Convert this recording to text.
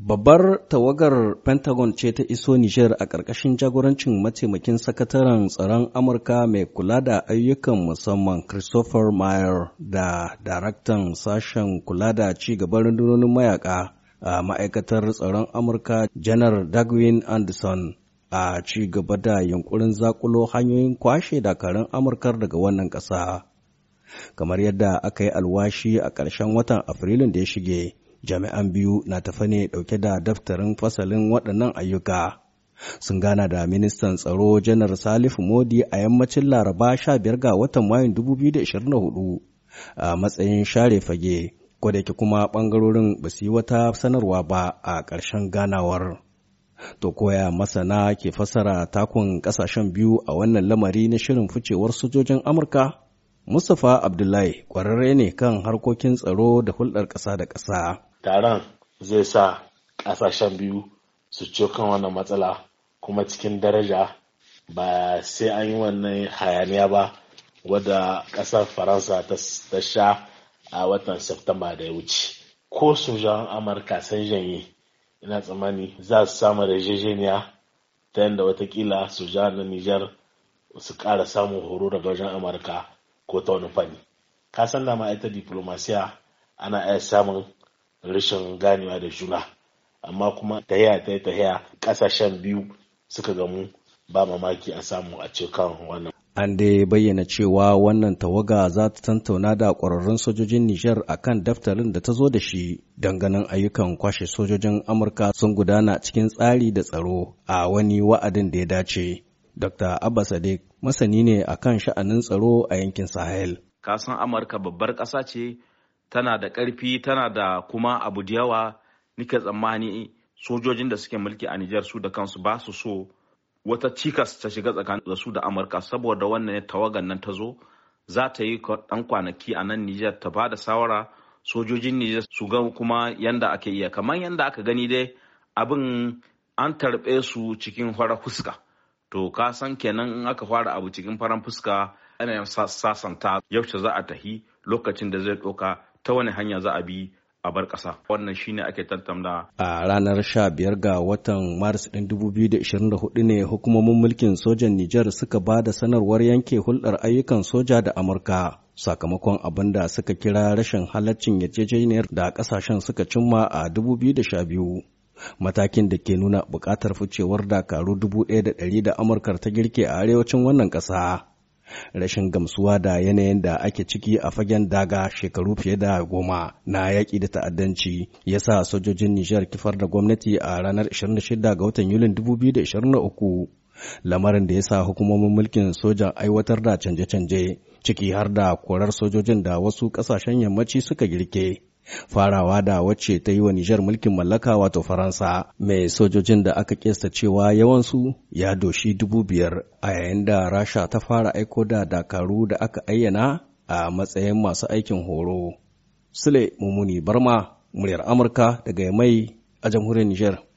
Babbar tawagar Pentagon ce ta iso Nijar a ƙarƙashin jagorancin mataimakin sakataren tsaron Amurka mai kula da ayyukan musamman Christopher Mayer da daraktan sashen kula da ci gaban rundunonin mayaka a ma'aikatar tsaron Amurka Janar Dagwin Anderson a ci gaba da yunkurin zakulo hanyoyin kwashe dakarun amurka daga wannan ƙasa. Kamar yadda aka yi alwashi a ƙarshen watan Afrilun da ya shige. jami'an biyu na tafa ne dauke da daftarin fasalin waɗannan ayyuka sun gana da ministan tsaro janar salifu modi a yammacin laraba 15 ga watan mayun 2024 a matsayin share fage kodayake kuma ɓangarorin ba su yi wata sanarwa ba a ƙarshen ganawar to koya masana ke fasara takun ƙasashen biyu a wannan lamari na shirin ficewar sojojin amurka mustapha abdullahi ƙwararre ne kan harkokin tsaro da hulɗar ƙasa da ƙasa taron zai sa kasashen biyu su ciyo kan wannan matsala kuma cikin daraja ba sai an yi wannan hayaniya ba wadda kasar faransa ta sha a watan septemba da ya wuce ko sojan amurka san janye ina tsammani za su samu da yarjejeniya ta yadda watakila sojan na nijar su kara samun horo daga wajen amurka ko ta wani fanni kasan da ma diplomasiya ana iya samun rashin ganewa da juna amma kuma ta yi ta ta haya ƙasashen biyu suka gamu ba mamaki a samu a ce kan wannan an dai bayyana cewa wannan tawaga za ta tantauna da ƙwararrun sojojin Nijar a kan daftarin da ta zo da shi ganin ayyukan kwashe sojojin Amurka sun gudana cikin tsari da tsaro a wani wa'adin da ya dace. Dr. Abba Sadiq masani ne a kan sha'anin tsaro a yankin Sahel. Kasan Amurka babbar ƙasa ce tana da ƙarfi tana da kuma abu da yawa nika tsammani sojojin da suke mulki a Nijar su da kansu ba su so wata cikas ta shiga tsakanin da su da Amurka saboda wannan tawagan nan ta zo za ta yi ɗan kwanaki a nan Nijar ta ba da sawara sojojin Nijar su ga kuma yanda ake iya kamar yanda aka gani dai abin an tarbe su cikin fara fuska to ka san kenan in aka fara abu cikin faran fuska ana sasanta yaushe za a tahi lokacin da zai ɗauka ta wani hanya za a bi a bar ƙasa wannan shine ake tantamna a ranar 15 ga watan maris ɗin 2024 ne hukumomin mulkin sojan Nijar suka ba da sanarwar yanke hulɗar ayyukan soja da Amurka sakamakon abin da suka kira rashin halaccin yarjejeniyar da ƙasashen suka cimma a 2012 matakin da ke nuna bukatar ficewar dakaru 1,100 da Amurkar ta girke a arewacin wannan ƙasa. rashin gamsuwa da yanayin da ake ciki a fagen daga shekaru fiye da goma na yaƙi da ta'addanci ya sa sojojin Nijar kifar da gwamnati a ranar 26 ga watan Yulin 2023 lamarin da ya sa hukumomin mulkin soja aiwatar da canje-canje ciki har da korar sojojin da wasu ƙasashen yammaci suka girke. farawa da wacce ta yi wa Nijar mulkin mallaka wato Faransa mai sojojin da aka kesta cewa yawansu ya doshi dubu biyar a yayin da Rasha ta fara aiko da dakaru da aka ayyana a matsayin masu aikin horo. Sule Mumuni Barma, muryar Amurka daga mai a jamhuriyar Nijar.